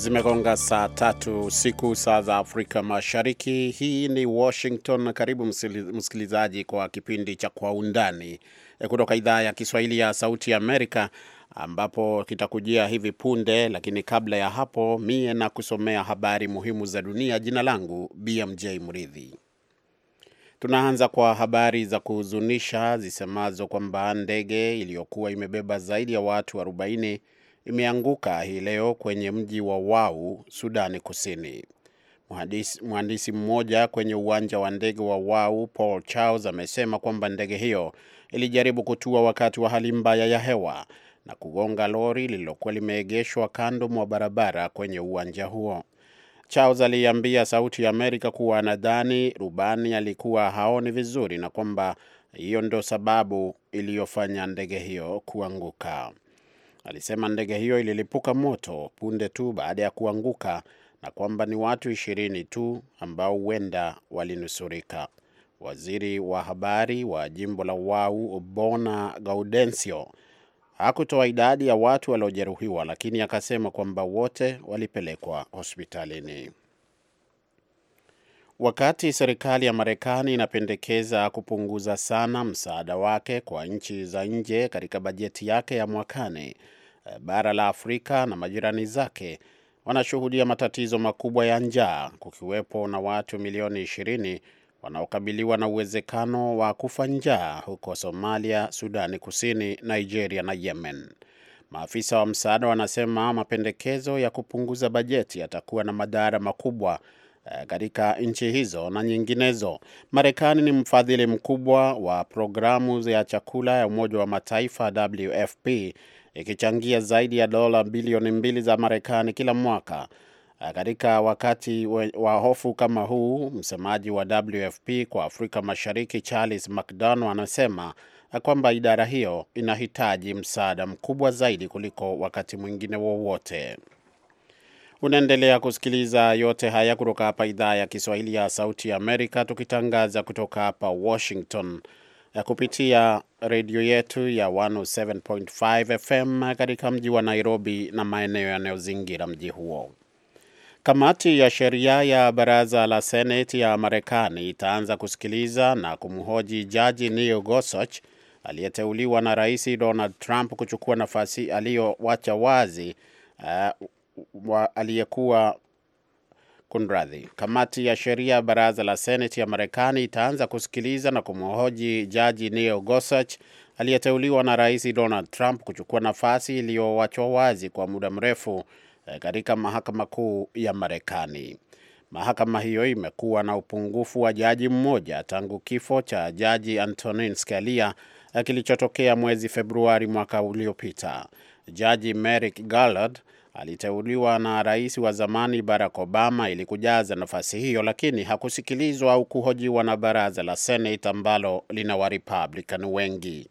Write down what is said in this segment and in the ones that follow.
Zimegonga saa tatu usiku saa za Afrika Mashariki. Hii ni Washington. Karibu msikilizaji kwa kipindi cha Kwa Undani eh, kutoka idhaa ya Kiswahili ya Sauti ya Amerika, ambapo kitakujia hivi punde. Lakini kabla ya hapo, mie na kusomea habari muhimu za dunia. Jina langu BMJ Mridhi. Tunaanza kwa habari za kuhuzunisha zisemazo kwamba ndege iliyokuwa imebeba zaidi ya watu 40 imeanguka hii leo kwenye mji wa Wau, Sudani Kusini. Mhandisi, mmoja kwenye uwanja wa ndege wa Wau, Paul Charles, amesema kwamba ndege hiyo ilijaribu kutua wakati wa hali mbaya ya hewa na kugonga lori lililokuwa limeegeshwa kando mwa barabara kwenye uwanja huo. Charles aliambia Sauti ya Amerika kuwa anadhani rubani alikuwa haoni vizuri na kwamba hiyo ndo sababu iliyofanya ndege hiyo kuanguka alisema ndege hiyo ililipuka moto punde tu baada ya kuanguka na kwamba ni watu ishirini tu ambao huenda walinusurika. Waziri wa habari wa jimbo la Wau Bona Gaudencio hakutoa idadi ya watu waliojeruhiwa, lakini akasema kwamba wote walipelekwa hospitalini. Wakati serikali ya Marekani inapendekeza kupunguza sana msaada wake kwa nchi za nje katika bajeti yake ya mwakani, eh, bara la Afrika na majirani zake wanashuhudia matatizo makubwa ya njaa, kukiwepo na watu milioni 20 wanaokabiliwa na uwezekano wa kufa njaa huko Somalia, Sudani Kusini, Nigeria na Yemen. Maafisa wa msaada wanasema mapendekezo ya kupunguza bajeti yatakuwa na madhara makubwa Eh, katika nchi hizo na nyinginezo. Marekani ni mfadhili mkubwa wa programu ya chakula ya Umoja wa Mataifa WFP, ikichangia zaidi ya dola bilioni mbili za Marekani kila mwaka. Eh, katika wakati wa hofu kama huu, msemaji wa WFP kwa Afrika Mashariki Charles McDonough anasema eh, kwamba idara hiyo inahitaji msaada mkubwa zaidi kuliko wakati mwingine wowote wa Unaendelea kusikiliza yote haya kutoka hapa idhaa ya Kiswahili ya Sauti ya Amerika, tukitangaza kutoka hapa Washington kupitia redio yetu ya 107.5 FM katika mji wa Nairobi na maeneo yanayozingira mji huo. Kamati ya sheria ya baraza la seneti ya Marekani itaanza kusikiliza na kumhoji jaji Neil Gorsuch aliyeteuliwa na Rais Donald Trump kuchukua nafasi aliyowacha wazi uh, aliyekuwa Kunradhi, kamati ya sheria ya baraza la seneti ya Marekani itaanza kusikiliza na kumhoji jaji Neil Gorsuch aliyeteuliwa na rais Donald Trump kuchukua nafasi iliyowachwa wazi kwa muda mrefu eh, katika mahakama kuu ya Marekani. Mahakama hiyo imekuwa na upungufu wa jaji mmoja tangu kifo cha jaji Antonin Scalia eh, kilichotokea mwezi Februari mwaka uliopita. Jaji Merrick Garland aliteuliwa na rais wa zamani Barack Obama ili kujaza nafasi hiyo, lakini hakusikilizwa au kuhojiwa na baraza la Senate ambalo lina Warepublican wengi.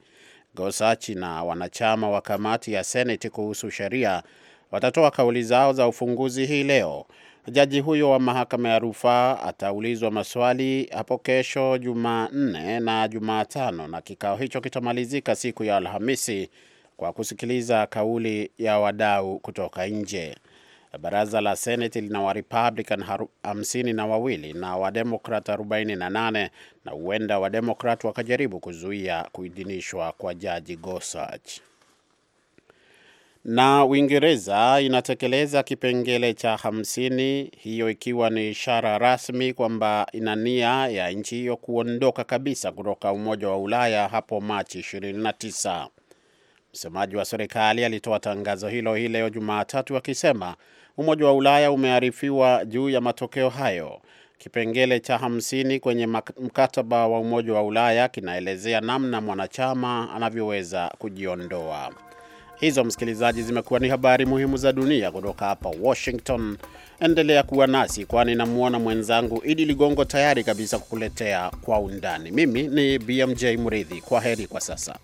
Gosachi na wanachama wa kamati ya Senate kuhusu sheria watatoa kauli zao za ufunguzi hii leo. Jaji huyo wa mahakama ya rufaa ataulizwa maswali hapo kesho Jumanne na Jumatano, na kikao hicho kitamalizika siku ya Alhamisi kwa kusikiliza kauli ya wadau kutoka nje. Baraza la Seneti lina Warepublican hamsini na wawili na Wademokrat 48 na huenda Wademokrat wakajaribu kuzuia kuidhinishwa kwa Jaji Gosach. Na Uingereza inatekeleza kipengele cha hamsini, hiyo ikiwa ni ishara rasmi kwamba ina nia ya nchi hiyo kuondoka kabisa kutoka Umoja wa Ulaya hapo Machi Msemaji wa serikali alitoa tangazo hilo hii leo Jumatatu akisema Umoja wa Ulaya umearifiwa juu ya matokeo hayo. Kipengele cha hamsini kwenye mkataba wa Umoja wa Ulaya kinaelezea namna mwanachama anavyoweza kujiondoa. Hizo msikilizaji, zimekuwa ni habari muhimu za dunia kutoka hapa Washington. Endelea kuwa nasi, kwani namwona mwenzangu Idi Ligongo tayari kabisa kukuletea kwa undani. Mimi ni BMJ Mridhi, kwa heri kwa sasa.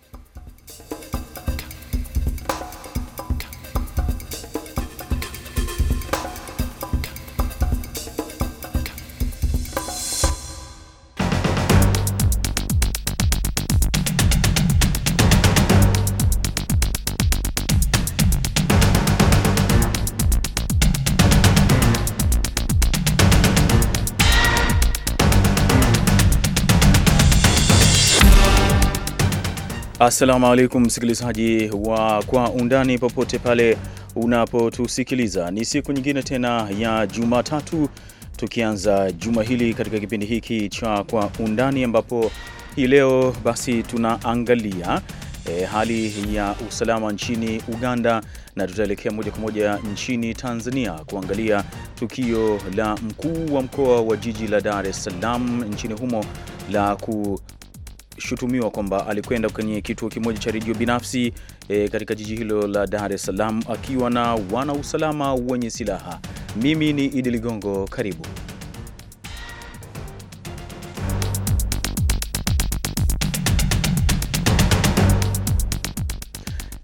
Assalamu alaikum msikilizaji wa Kwa Undani, popote pale unapotusikiliza, ni siku nyingine tena ya Jumatatu, tukianza juma hili katika kipindi hiki cha Kwa Undani, ambapo hii leo basi tunaangalia e, hali ya usalama nchini Uganda na tutaelekea moja kwa moja nchini Tanzania kuangalia tukio la mkuu wa mkoa wa jiji la Dar es Salaam nchini humo la ku anashutumiwa kwamba alikwenda kwenye kituo kimoja cha redio binafsi e, katika jiji hilo la Dar es Salaam akiwa na wanausalama wenye silaha. Mimi ni Idi Ligongo, karibu.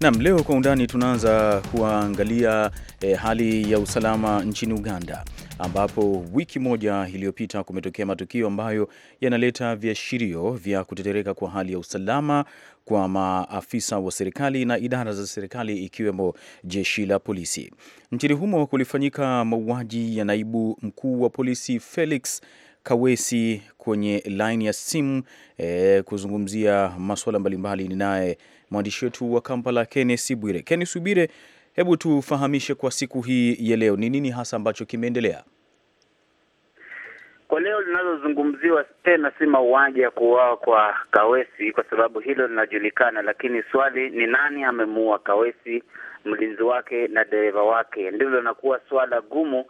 Nam, leo kwa undani tunaanza kuangalia e, hali ya usalama nchini Uganda ambapo wiki moja iliyopita kumetokea matukio ambayo yanaleta viashirio vya kutetereka kwa hali ya usalama kwa maafisa wa serikali na idara za serikali ikiwemo jeshi la polisi. Nchini humo kulifanyika mauaji ya naibu mkuu wa polisi Felix Kawesi kwenye laini ya simu e, kuzungumzia masuala mbalimbali ninaye mwandishi wetu wa Kampala Kennesi Bwire. Kennesi Bwire, hebu tufahamishe kwa siku hii ya leo ni nini hasa ambacho kimeendelea? Kwa leo linalozungumziwa tena si mauaji ya kuuawa kwa Kawesi, kwa sababu hilo linajulikana, lakini swali ni nani amemuua Kawesi, mlinzi wake na dereva wake, ndilo linakuwa swala gumu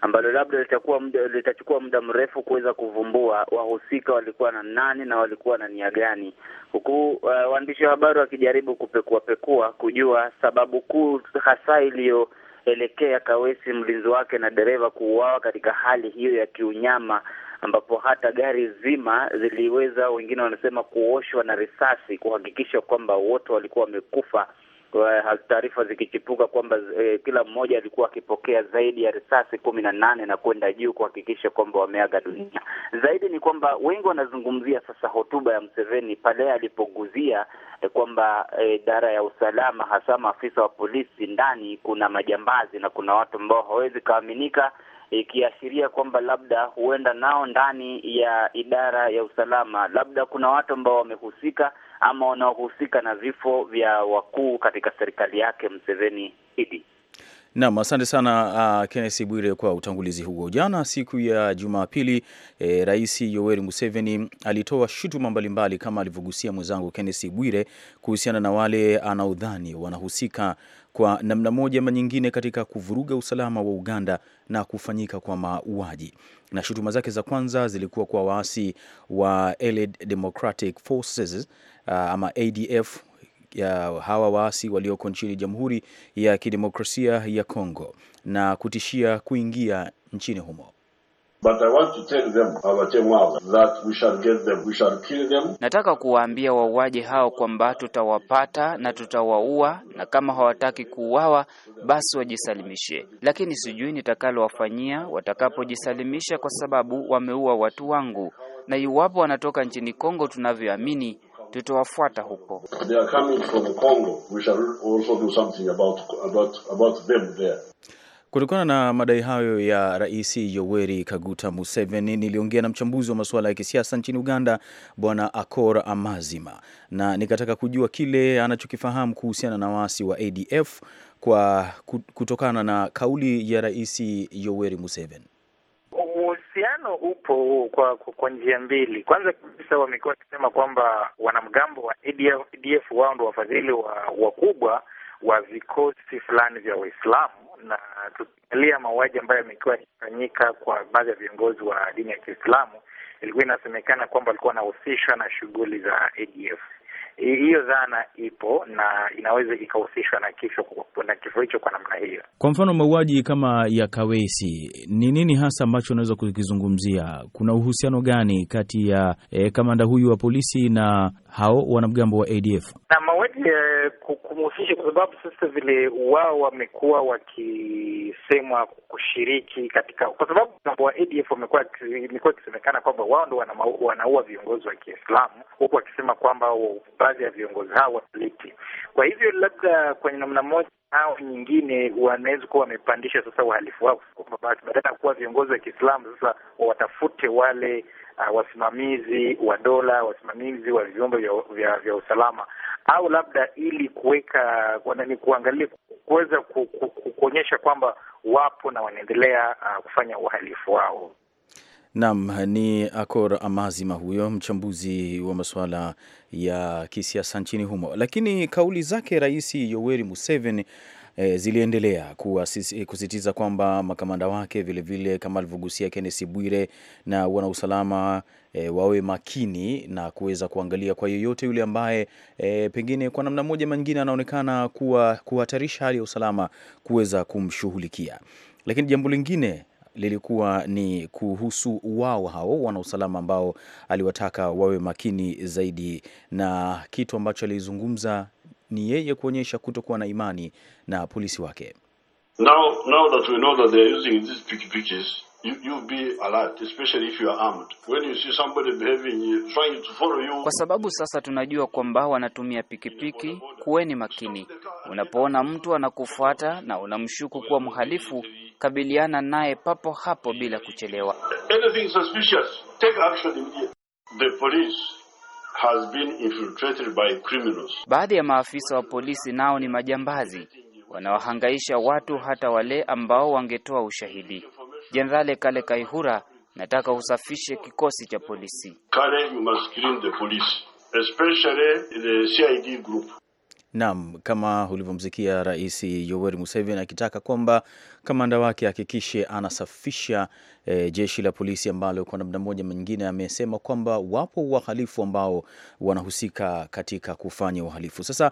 ambalo labda litakuwa muda, litachukua muda mrefu kuweza kuvumbua wahusika walikuwa na nani na walikuwa na nia gani, huku uh, waandishi wa habari wakijaribu kupekua pekua kujua sababu kuu hasa iliyo Elekea Kawesi, mlinzi wake na dereva kuuawa katika hali hiyo ya kiunyama, ambapo hata gari zima ziliweza, wengine wanasema kuoshwa na risasi, kuhakikisha kwamba wote walikuwa wamekufa. Eh, taarifa zikichipuka kwamba eh, kila mmoja alikuwa akipokea zaidi ya risasi kumi na nane na kwenda juu kuhakikisha kwamba wameaga dunia. Zaidi ni kwamba wengi wanazungumzia sasa hotuba ya Mseveni pale alipoguzia eh, kwamba eh, idara eh, ya usalama hasa maafisa wa polisi ndani kuna majambazi na kuna watu ambao hawawezi kaaminika ikiashiria kwamba labda huenda nao ndani ya idara ya usalama labda kuna watu ambao wamehusika ama wanaohusika na vifo vya wakuu katika serikali yake mseveni Idi Nam, asante sana uh, Kennesi Bwire kwa utangulizi huo. Jana siku ya Jumapili, eh, Rais Yoweri Museveni alitoa shutuma mbalimbali kama alivyogusia mwenzangu Kennesi Bwire kuhusiana na wale anaodhani wanahusika kwa namna moja ama nyingine katika kuvuruga usalama wa Uganda na kufanyika kwa mauaji. Na shutuma zake za kwanza zilikuwa kwa waasi wa Allied Democratic Forces Uh, ama ADF ya hawa waasi walioko nchini Jamhuri ya Kidemokrasia ya Kongo na kutishia kuingia nchini humo. Nataka kuwaambia wauaji hao kwamba tutawapata na tutawaua, na kama hawataki kuuawa basi wajisalimishe, lakini sijui nitakalowafanyia watakapojisalimisha, kwa sababu wameua watu wangu, na iwapo wanatoka nchini Kongo tunavyoamini tutawafuata huko. Kutokana na madai hayo ya Rais Yoweri Kaguta Museveni, niliongea na mchambuzi wa masuala ya kisiasa nchini Uganda, Bwana Akor Amazima, na nikataka kujua kile anachokifahamu kuhusiana na waasi wa ADF kwa kutokana na kauli ya Rais Yoweri Museveni. Mvutano upo kwa kwa njia mbili. Kwanza kabisa, wamekuwa wakisema kwamba wanamgambo wa ADF, ADF wao ndo wafadhili wakubwa wa, wa vikosi fulani vya Waislamu na tukiangalia mauaji ambayo yamekuwa yakifanyika kwa baadhi ya viongozi wa dini ya Kiislamu, ilikuwa inasemekana kwamba walikuwa wanahusishwa na shughuli za ADF hiyo dhana ipo na inaweza ikahusishwa na kifo na kifo hicho kwa namna hiyo. Kwa mfano mauaji kama ya Kawesi, ni nini hasa ambacho unaweza kukizungumzia? Kuna uhusiano gani kati ya e, kamanda huyu wa polisi na hao wanamgambo wa ADF na mauaji e, kumhusisha? Kwa sababu sasa vile wao wamekuwa wakisemwa kushiriki katika, kwa sababu wa ADF wamekuwa imekuwa ikisemekana kwamba wao ndo wanaua viongozi wa Kiislamu huku wakisema kwamba baadhi ya viongozi hao wasaliti. Kwa hivyo labda kwenye namna moja au nyingine wanaweza kuwa wamepandisha sasa wahalifu wao, basi badala ya kuwa viongozi wa Kiislamu sasa watafute wale uh, wasimamizi wa dola, wasimamizi wa vyombo vya, vya usalama au labda ili kuweka ni kuangalia kuweza kuonyesha kwamba wapo na wanaendelea uh, kufanya uhalifu wao. Nam ni Akor Amazima huyo mchambuzi wa masuala ya kisiasa nchini humo. Lakini kauli zake Rais Yoweri Museveni e, ziliendelea e, kusisitiza kwamba makamanda wake vilevile vile, kama alivyogusia kenesi Bwire na wanausalama e, wawe makini na kuweza kuangalia kwa yeyote yule ambaye e, pengine kwa namna moja manyingine anaonekana kuwa kuhatarisha hali ya usalama kuweza kumshughulikia. Lakini jambo lingine lilikuwa ni kuhusu wao hao wanausalama ambao aliwataka wawe makini zaidi, na kitu ambacho alizungumza ni yeye kuonyesha kutokuwa na imani na polisi wake. Now, now that we know that they are using these pikipikis kwa sababu sasa tunajua kwamba wanatumia pikipiki. Kuweni makini, unapoona mtu anakufuata na unamshuku kuwa mhalifu, kabiliana naye papo hapo bila kuchelewa. Baadhi ya maafisa wa polisi nao ni majambazi wanaohangaisha watu, hata wale ambao wangetoa ushahidi. jenerale Kale Kaihura, nataka usafishe kikosi cha polisi Kale, you must clean the police, especially the CID group. Naam, kama ulivyomsikia Rais Yoweri Museveni akitaka kwamba kamanda wake ahakikishe anasafisha e, jeshi la polisi ambalo kwa namna moja nyingine amesema kwamba wapo wahalifu ambao wanahusika katika kufanya uhalifu. Sasa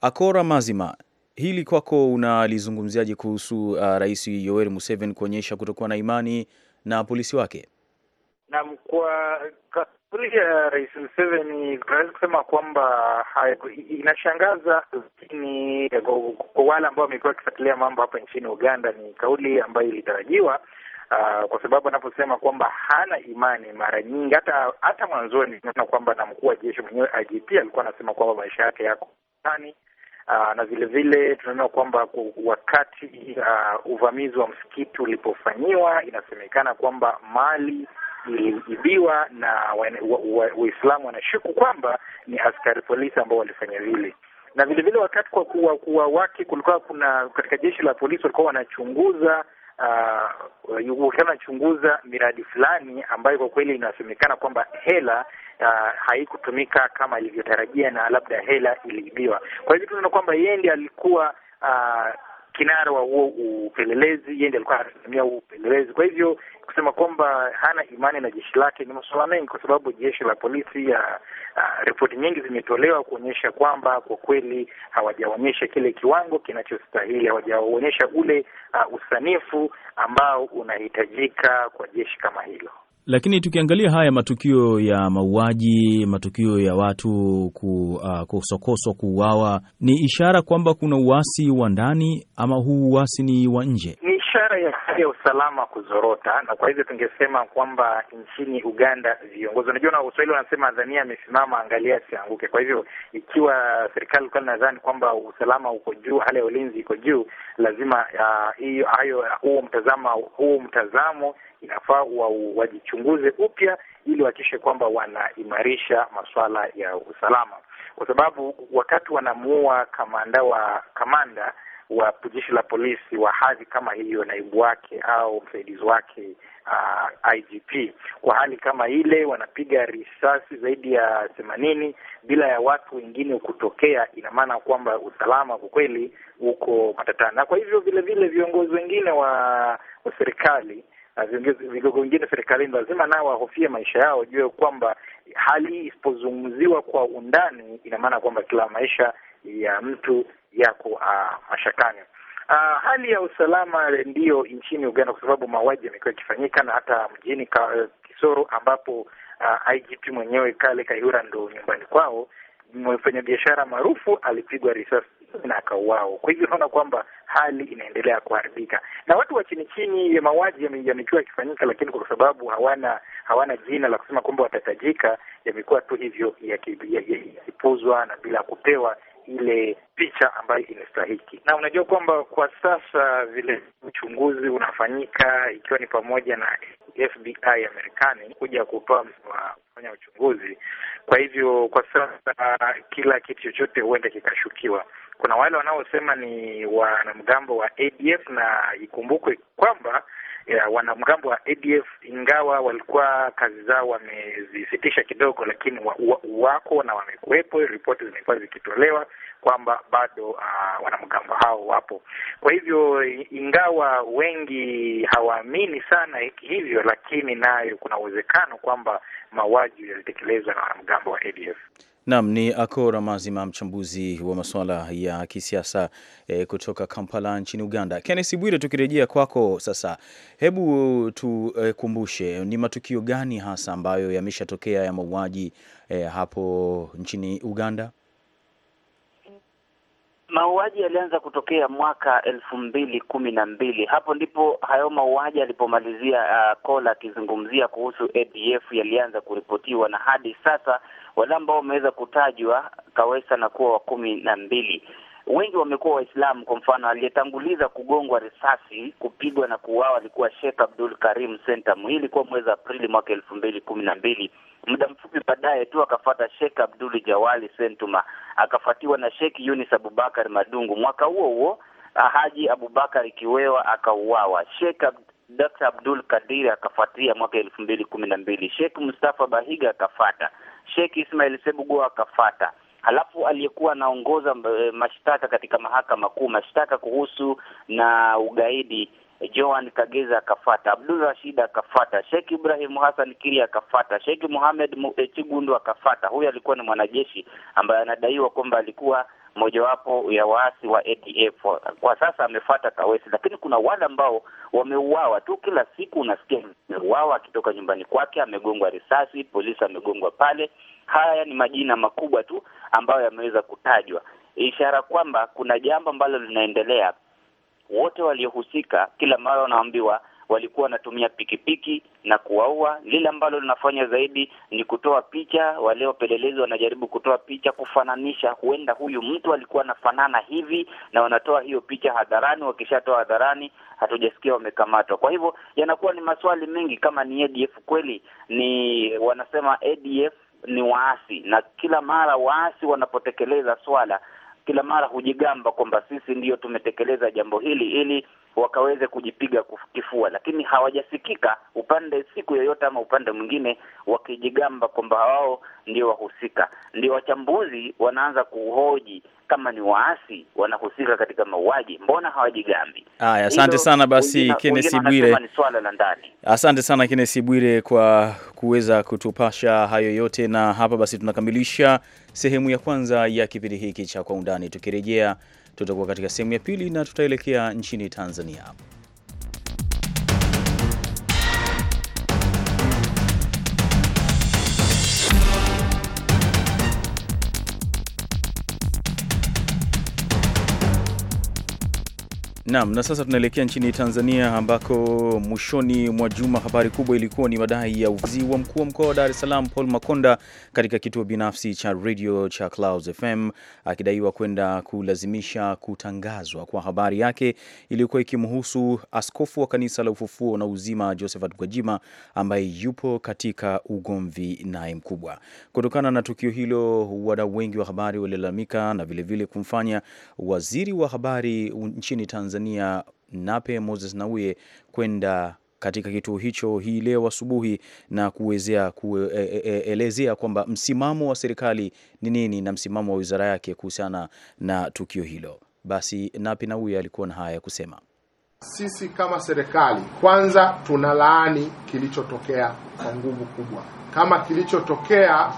Akora Mazima, hili kwako unalizungumziaje kuhusu uh, Rais Yoweri Museveni kuonyesha kutokuwa na imani na polisi wake? Naam, kwa Kauli ya Rais Museveni tunaweza kusema kwamba inashangaza, lakini kwa wale ambao wamekuwa wakifuatilia mambo hapa nchini Uganda ni kauli ambayo ilitarajiwa. Uh, kwa sababu anaposema kwamba hana imani, mara nyingi hata hata mwanzoni naona kwamba na mkuu wa jeshi mwenyewe IGP alikuwa anasema kwamba maisha yake yako ani uh, ah, na vilevile tunaona kwamba wakati uh, uvamizi wa msikiti ulipofanyiwa, inasemekana kwamba mali iliibiwa na Waislamu wanashuku kwamba ni askari polisi ambao walifanya vile na vile vile wakati kwa kuwa, kuwa wake kulikuwa kuna katika jeshi la polisi walikuwa wanachunguza uh, wanachunguza miradi fulani ambayo kwa kweli inasemekana kwamba hela uh, haikutumika kama ilivyotarajia na labda hela iliibiwa. Kwa hivyo tunaona kwamba yeye ndiye alikuwa uh, kinara wa huo upelelezi, yeye ndiye alikuwa anasimamia huo upelelezi. Kwa hivyo kusema kwamba hana imani na jeshi lake ni masuala mengi, kwa sababu jeshi la polisi ya uh, ripoti nyingi zimetolewa kuonyesha kwamba kwa kweli hawajaonyesha kile kiwango kinachostahili, hawajaonyesha ule uh, usanifu ambao unahitajika kwa jeshi kama hilo. Lakini tukiangalia haya matukio ya mauaji, matukio ya watu ku, uh, kusokoswa, kuuawa, ni ishara kwamba kuna uasi wa ndani ama huu uasi ni wa nje? Ni ishara ya hali ya usalama kuzorota, na kwa hivyo tungesema kwamba nchini Uganda viongozi, unajua, na Waswahili wanasema adhania amesimama, angalia asianguke. Kwa hivyo ikiwa serikali ilikuwa nadhani kwamba usalama uko juu, hali ya ulinzi iko juu, lazima uh, hayo huo mtazamo huo mtazamo inafaa wajichunguze upya ili wahakikishe kwamba wanaimarisha masuala ya usalama, kwa sababu wakati wanamuua kamanda wa kamanda wa jeshi la polisi wa hadhi kama hiyo, naibu wake au msaidizi wake uh, ah, IGP kwa hali kama ile, wanapiga risasi zaidi ya themanini bila ya watu wengine kutokea, ina maana kwamba usalama kwa kweli uko matatani, na kwa hivyo vilevile vile viongozi wengine wa, wa serikali vigogo wengine serikalini lazima nao wahofie maisha yao, jue kwamba hali isipozungumziwa kwa undani, ina maana kwamba kila maisha ya mtu yako uh, mashakani. Uh, hali ya usalama ndiyo nchini Uganda, kwa sababu mauaji yamekuwa yakifanyika na hata mjini Kisoro ambapo uh, ah, IGP mwenyewe Kale Kayihura ndo nyumbani kwao, mfanyabiashara maarufu alipigwa risasi na akauao. Kwa hivyo unaona kwamba hali inaendelea kuharibika, na watu wa chini chini, ya mauaji yamekuwa yakifanyika, lakini kwa sababu hawana hawana jina la kusema kwamba watatajika, yamekuwa tu hivyo yakipuzwa na bila kupewa ile picha ambayo inastahiki. Na unajua kwamba kwa sasa vile uchunguzi unafanyika ikiwa ni pamoja na FBI ya Marekani kuja kutoa kufanya uchunguzi. Kwa hivyo kwa sasa kila kitu chochote huenda kikashukiwa. Kuna wale wanaosema ni wanamgambo wa ADF na ikumbukwe kwamba wanamgambo wa ADF ingawa walikuwa kazi zao wamezisitisha kidogo, lakini wa, wa, wako na wamekuwepo. Ripoti zimekuwa zikitolewa kwamba bado uh, wanamgambo hao wapo. Kwa hivyo ingawa wengi hawaamini sana hivyo, lakini nayo kuna uwezekano kwamba mauaji yalitekelezwa na wanamgambo wa ADF. Nam ni Akora Mazima, mchambuzi wa masuala ya kisiasa e, kutoka Kampala nchini Uganda. Kenneth Bwire, tukirejea kwako sasa, hebu tukumbushe e, ni matukio gani hasa ambayo yameshatokea ya mauaji e, hapo nchini Uganda? Mauaji yalianza kutokea mwaka elfu mbili kumi na mbili. Hapo ndipo hayo mauaji alipomalizia uh, Kola akizungumzia kuhusu ADF yalianza kuripotiwa na hadi sasa wale ambao wameweza kutajwa Kawesa na kuwa wa kumi na mbili wengi wamekuwa Waislamu. Kwa mfano, aliyetanguliza kugongwa risasi, kupigwa na kuuawa alikuwa shekh Abdul Karim Sentam. Hii ilikuwa mwezi Aprili mwaka elfu mbili kumi na mbili. Muda mfupi baadaye tu akafata shekh Abdul Jawali Sentuma akafuatiwa na Sheikh Yunis Abubakar Madungu. Mwaka huo huo ah, Haji Abubakar Kiwewa akauawa. Sheikh Ab Dr. Abdul Kadiri akafuatia mwaka elfu mbili kumi na mbili. Sheikh Mustafa Bahiga akafata, Sheikh Ismail Sebugo akafata Halafu aliyekuwa anaongoza eh, mashtaka katika mahakama kuu mashtaka kuhusu na ugaidi Joan Kageza akafata, Abdul Rashid akafata, Sheikh Ibrahim Hassan Kiri akafata, Sheikh Mohamed eh, Chigundu akafata. Huyu alikuwa ni mwanajeshi ambaye anadaiwa kwamba alikuwa mojawapo ya waasi wa ADF. Kwa sasa amefata Kawesi, lakini kuna wale ambao wameuawa tu. Kila siku unasikia ameuawa, akitoka nyumbani kwake amegongwa risasi, polisi amegongwa pale. Haya ni majina makubwa tu ambayo yameweza kutajwa, ishara kwamba kuna jambo ambalo linaendelea wote waliohusika kila mara wanaambiwa walikuwa wanatumia pikipiki na kuwaua. Lile ambalo linafanya zaidi ni kutoa picha, wale wapelelezi wanajaribu kutoa picha kufananisha, huenda huyu mtu alikuwa anafanana hivi, na wanatoa hiyo picha hadharani. Wakishatoa hadharani, hatujasikia wamekamatwa. Kwa hivyo yanakuwa ni maswali mengi, kama ni ADF kweli, ni wanasema ADF ni waasi, na kila mara waasi wanapotekeleza swala kila mara hujigamba kwamba sisi ndiyo tumetekeleza jambo hili, ili wakaweze kujipiga kifua, lakini hawajasikika upande siku yoyote ama upande mwingine wakijigamba kwamba wao ndio wahusika. Ndio wachambuzi wanaanza kuhoji kama ni waasi wanahusika katika mauaji, mbona hawajigambi? Haya, asante sana basi Kenneth Bwire, ni swala la ndani. Asante sana kenesi Bwire kwa kuweza kutupasha hayo yote, na hapa basi tunakamilisha sehemu ya kwanza ya kipindi hiki cha kwa undani tukirejea Tutakuwa katika sehemu ya pili na tutaelekea nchini Tanzania. Naam, na sasa tunaelekea nchini Tanzania ambako mwishoni mwa juma habari kubwa ilikuwa ni madai ya uzi wa mkuu wa mkoa wa Dar es Salaam Paul Makonda katika kituo binafsi cha radio cha Clouds FM akidaiwa kwenda kulazimisha kutangazwa kwa habari yake iliyokuwa ikimhusu askofu wa kanisa la ufufuo na uzima Josephat Gwajima ambaye yupo katika ugomvi naye mkubwa. Kutokana na tukio hilo, wadau wengi wa habari walilalamika na vilevile kumfanya waziri wa habari nchini Tanzania Tanzania Nape Moses Nauye kwenda katika kituo hicho hii leo asubuhi na kuwezea kuelezea kwamba msimamo wa serikali ni nini na msimamo wa wizara yake kuhusiana na tukio hilo. Basi Nape Nauye alikuwa na haya ya kusema. Sisi kama serikali kwanza tunalaani kilichotokea kwa nguvu kubwa. Kama kilichotokea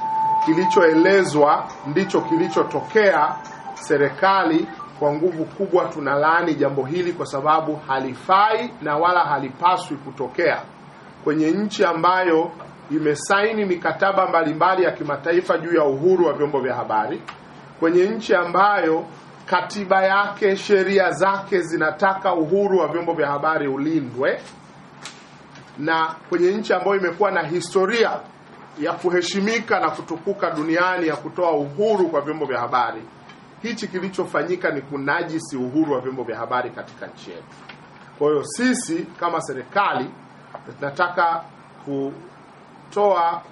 kilichoelezwa ndicho kilichotokea, serikali kwa nguvu kubwa tunalaani jambo hili kwa sababu halifai na wala halipaswi kutokea kwenye nchi ambayo imesaini mikataba mbalimbali ya kimataifa juu ya uhuru wa vyombo vya habari, kwenye nchi ambayo katiba yake, sheria zake zinataka uhuru wa vyombo vya habari ulindwe, na kwenye nchi ambayo imekuwa na historia ya kuheshimika na kutukuka duniani ya kutoa uhuru kwa vyombo vya habari hichi kilichofanyika ni kunajisi uhuru wa vyombo vya habari katika nchi yetu. Kwa hiyo sisi kama serikali tunataka kutoa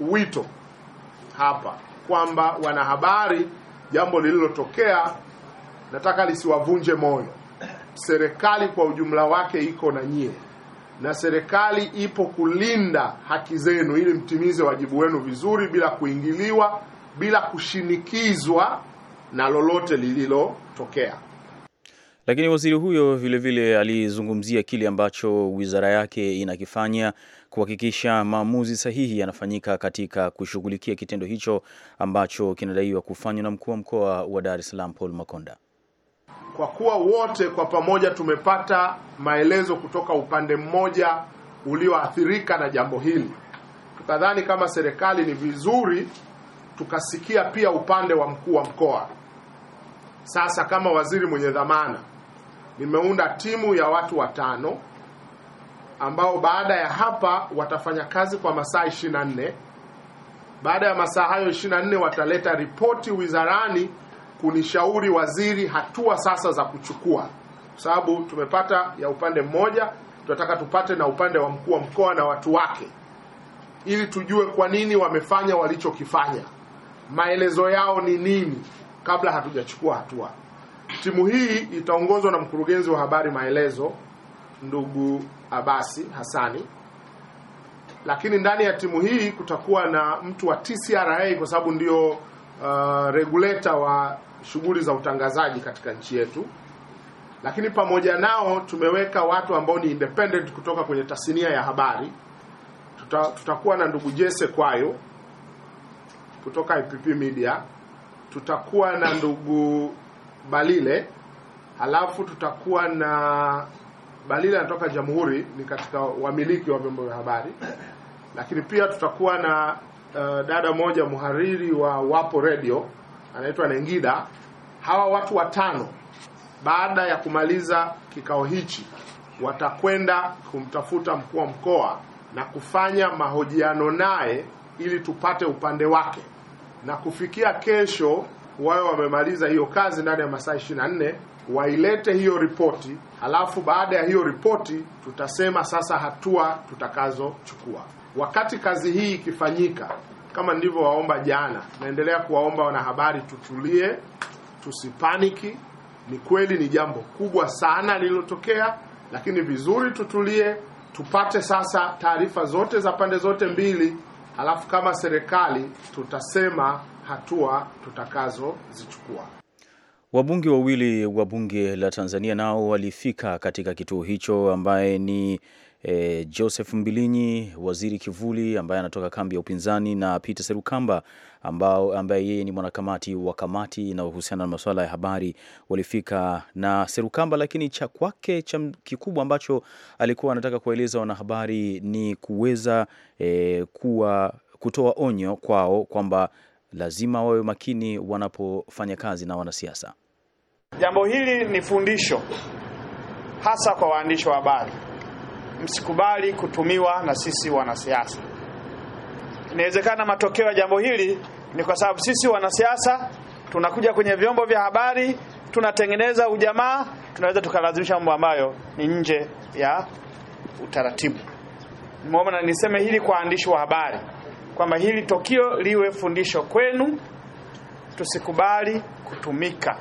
wito hapa kwamba wanahabari, jambo lililotokea nataka lisiwavunje moyo. Serikali kwa ujumla wake iko na nyie, na serikali ipo kulinda haki zenu ili mtimize wajibu wenu vizuri, bila kuingiliwa, bila kushinikizwa na lolote lililotokea. Lakini waziri huyo vilevile vile alizungumzia kile ambacho wizara yake inakifanya kuhakikisha maamuzi sahihi yanafanyika katika kushughulikia kitendo hicho ambacho kinadaiwa kufanywa na mkuu wa mkoa wa Dar es Salaam Paul Makonda. Kwa kuwa wote kwa pamoja tumepata maelezo kutoka upande mmoja ulioathirika na jambo hili, tukadhani kama serikali ni vizuri tukasikia pia upande wa mkuu wa mkoa sasa kama waziri mwenye dhamana, nimeunda timu ya watu watano ambao baada ya hapa watafanya kazi kwa masaa 24. Baada ya masaa hayo 24 wataleta ripoti wizarani kunishauri waziri hatua sasa za kuchukua, kwa sababu tumepata ya upande mmoja, tunataka tupate na upande wa mkuu wa mkoa na watu wake, ili tujue kwa nini wamefanya walichokifanya, maelezo yao ni nini kabla hatujachukua hatua. Timu hii itaongozwa na mkurugenzi wa habari maelezo, ndugu Abasi hasani lakini ndani ya timu hii kutakuwa na mtu wa TCRA kwa sababu ndio uh, regulator wa shughuli za utangazaji katika nchi yetu. Lakini pamoja nao tumeweka watu ambao ni independent kutoka kwenye tasnia ya habari. Tuta, tutakuwa na ndugu Jesse Kwayo kutoka IPP Media tutakuwa na ndugu Balile, halafu tutakuwa na Balile anatoka Jamhuri, ni katika wamiliki wa vyombo vya habari, lakini pia tutakuwa na uh, dada moja mhariri wa Wapo Radio anaitwa Nengida. Hawa watu watano, baada ya kumaliza kikao hichi, watakwenda kumtafuta mkuu wa mkoa na kufanya mahojiano naye ili tupate upande wake na kufikia kesho wao wamemaliza hiyo kazi ndani ya masaa 24, wailete hiyo ripoti. Halafu baada ya hiyo ripoti tutasema sasa hatua tutakazochukua. Wakati kazi hii ikifanyika, kama nilivyowaomba jana, naendelea kuwaomba wanahabari, tutulie, tusipaniki. Ni kweli ni jambo kubwa sana lililotokea, lakini vizuri tutulie, tupate sasa taarifa zote za pande zote mbili alafu kama serikali tutasema hatua tutakazozichukua. Wabunge wawili wa bunge la Tanzania nao walifika katika kituo hicho, ambaye ni e, Joseph Mbilinyi waziri kivuli ambaye anatoka kambi ya upinzani na Peter Serukamba ambao, ambaye yeye ni mwanakamati wa kamati inayohusiana na masuala ya habari walifika na Serukamba, lakini cha kwake cha kikubwa ambacho alikuwa anataka kuwaeleza wanahabari ni kuweza e, kuwa kutoa onyo kwao kwamba lazima wawe makini wanapofanya kazi na wanasiasa. Jambo hili ni fundisho hasa kwa waandishi wa habari msikubali kutumiwa na sisi wanasiasa. Inawezekana matokeo ya jambo hili ni kwa sababu sisi wanasiasa tunakuja kwenye vyombo vya habari, tunatengeneza ujamaa, tunaweza tukalazimisha mambo ambayo ni nje ya utaratibu. Nimeona niseme hili kwa waandishi wa habari kwamba hili tokio liwe fundisho kwenu, tusikubali kutumika.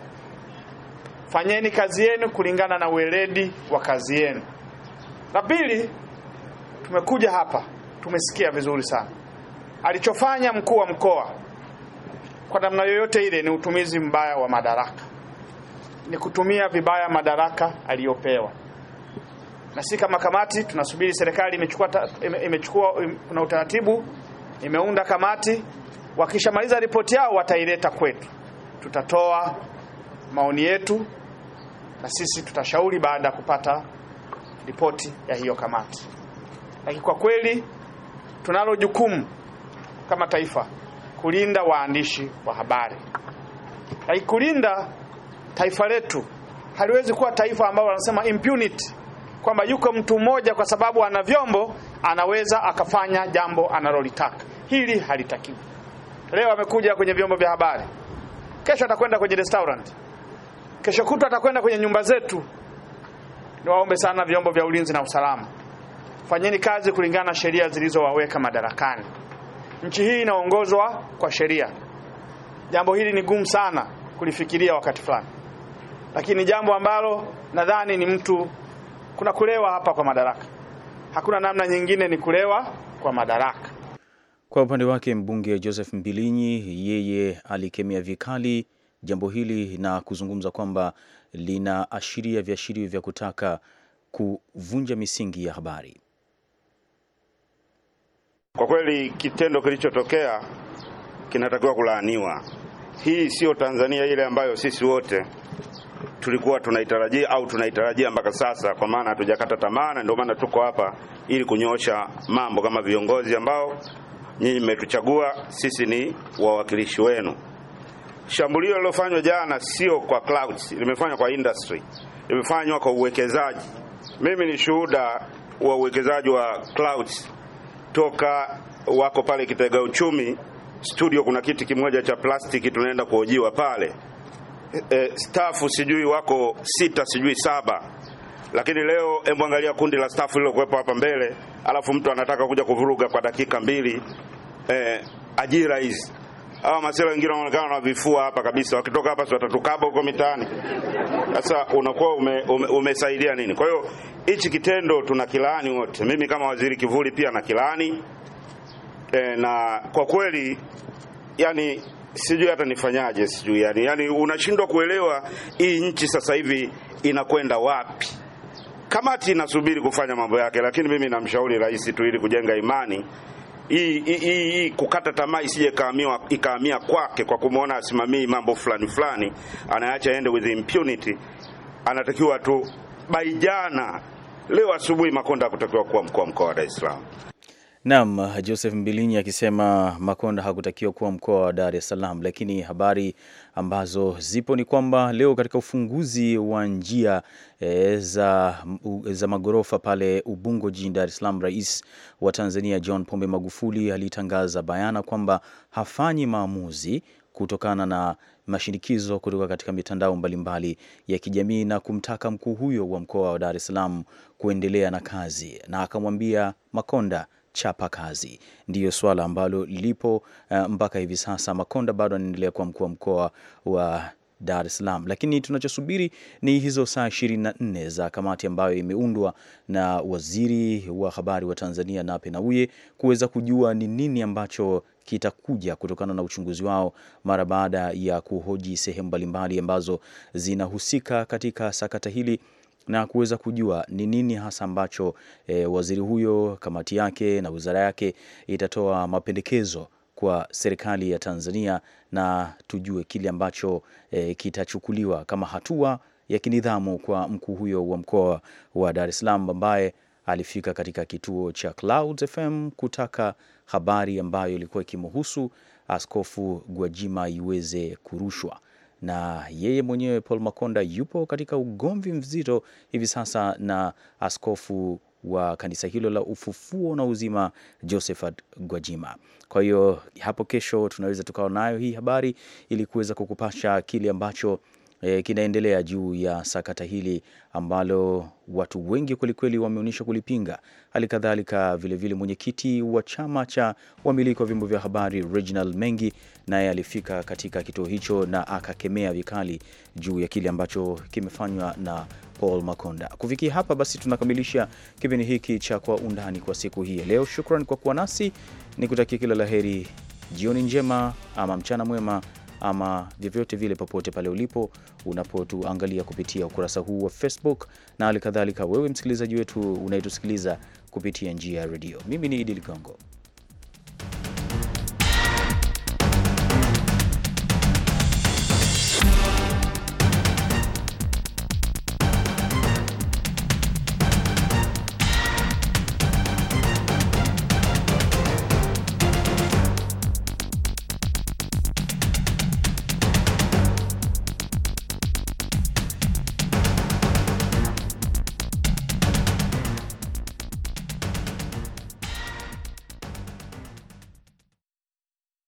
Fanyeni kazi yenu kulingana na weledi wa kazi yenu. La pili, tumekuja hapa tumesikia vizuri sana alichofanya mkuu wa mkoa. Kwa namna yoyote ile, ni utumizi mbaya wa madaraka, ni kutumia vibaya madaraka aliyopewa, na si kama kamati. Tunasubiri serikali imechukua, imechukua kuna utaratibu, imeunda kamati. Wakishamaliza ripoti yao wataileta kwetu, tutatoa maoni yetu na sisi tutashauri baada ya kupata ripoti ya hiyo kamati. Lakini kwa kweli tunalo jukumu kama taifa kulinda waandishi wa habari. Lakini kulinda taifa letu haliwezi kuwa taifa ambalo wanasema impunity kwamba yuko mtu mmoja kwa sababu ana vyombo anaweza akafanya jambo analolitaka. Hili halitakiwi. Leo amekuja kwenye vyombo vya habari, kesho atakwenda kwenye restaurant, kesho kutwa atakwenda kwenye nyumba zetu. Niwaombe sana vyombo vya ulinzi na usalama, fanyeni kazi kulingana na sheria zilizowaweka madarakani. Nchi hii inaongozwa kwa sheria. Jambo hili ni gumu sana kulifikiria wakati fulani, lakini jambo ambalo nadhani ni mtu, kuna kulewa hapa kwa madaraka, hakuna namna nyingine, ni kulewa kwa madaraka. Kwa upande wake, mbunge Joseph Mbilinyi yeye alikemea vikali jambo hili na kuzungumza kwamba linaashiria viashirio vya kutaka kuvunja misingi ya habari. Kwa kweli kitendo kilichotokea kinatakiwa kulaaniwa. Hii siyo Tanzania ile ambayo sisi wote tulikuwa tunaitarajia au tunaitarajia mpaka sasa, kwa maana hatujakata tamaa, na ndio maana tuko hapa ili kunyoosha mambo kama viongozi ambao nyinyi mmetuchagua, sisi ni wawakilishi wenu. Shambulio lilofanywa jana sio kwa clouds, limefanywa kwa industry, limefanywa kwa uwekezaji. Mimi ni shuhuda wa uwekezaji wa clouds toka wako pale Kitega Uchumi studio, kuna kiti kimoja cha plastiki tunaenda kuojiwa pale. E, e, staff sijui wako sita sijui saba, lakini leo hebu angalia kundi la stafu lililokuwepo hapa mbele, alafu mtu anataka kuja kuvuruga kwa dakika mbili e, ajira hizi hawa masela wengine wanaonekana wanavifua hapa kabisa, wakitoka hapa si watatukaba huko mitaani. Sasa unakuwa ume, ume, umesaidia nini? Kwa hiyo hichi kitendo tuna kilaani wote, mimi kama waziri kivuli pia na kilaani e, na kwa kweli yani sijui hata nifanyaje, sijui yani, yani unashindwa kuelewa hii nchi sasa hivi inakwenda wapi. Kamati inasubiri kufanya mambo yake, lakini mimi namshauri rais tu ili kujenga imani hii kukata tamaa isije ikaamia kwake kwa kumwona asimamii mambo fulani fulani, anaacha aende with impunity. Anatakiwa tu baijana. Leo asubuhi Makonda hakutakiwa kuwa mkuu wa mkoa wa Dar es Salaam. Naam, Joseph Mbilinyi akisema Makonda hakutakiwa kuwa mkoa wa Dar es Salaam, lakini habari ambazo zipo ni kwamba leo katika ufunguzi wa njia e, za, za magorofa pale Ubungo jijini Dar es Salaam, Rais wa Tanzania John Pombe Magufuli alitangaza bayana kwamba hafanyi maamuzi kutokana na mashinikizo kutoka katika mitandao mbalimbali ya kijamii na kumtaka mkuu huyo wa mkoa wa Dar es Salaam kuendelea na kazi, na akamwambia Makonda chapa kazi, ndiyo swala ambalo lipo eh, mpaka hivi sasa. Makonda bado anaendelea kuwa mkuu wa mkoa wa Dar es Salaam, lakini tunachosubiri ni hizo saa nne za kamati ambayo imeundwa na waziri wa habari wa Tanzania Nape Nnauye kuweza kujua ni nini ambacho kitakuja kutokana na uchunguzi wao mara baada ya kuhoji sehemu mbalimbali ambazo zinahusika katika sakata hili na kuweza kujua ni nini hasa ambacho e, waziri huyo, kamati yake na wizara yake itatoa mapendekezo kwa serikali ya Tanzania na tujue kile ambacho e, kitachukuliwa kama hatua ya kinidhamu kwa mkuu huyo wa mkoa wa Dar es Salaam ambaye alifika katika kituo cha Clouds FM kutaka habari ambayo ilikuwa ikimhusu Askofu Gwajima iweze kurushwa na yeye mwenyewe Paul Makonda yupo katika ugomvi mzito hivi sasa na askofu wa kanisa hilo la ufufuo na uzima Josephat Gwajima. Kwa hiyo hapo kesho tunaweza tukawa nayo hii habari ili kuweza kukupasha kile ambacho e, kinaendelea juu ya sakata hili ambalo watu wengi kwelikweli wameonyesha kulipinga. Hali kadhalika vilevile, mwenyekiti wa chama cha wamiliki wa vyombo vya habari Reginald Mengi naye alifika katika kituo hicho na akakemea vikali juu ya kile ambacho kimefanywa na Paul Makonda. Kufikia hapa basi, tunakamilisha kipindi hiki cha Kwa Undani kwa siku hii ya leo. Shukran kwa kuwa nasi, ni kutakia kila la heri, jioni njema ama mchana mwema ama vyovyote vile popote pale ulipo unapotuangalia kupitia ukurasa huu wa Facebook na hali kadhalika, wewe msikilizaji wetu unayetusikiliza kupitia njia ya redio. Mimi ni Idi Ligongo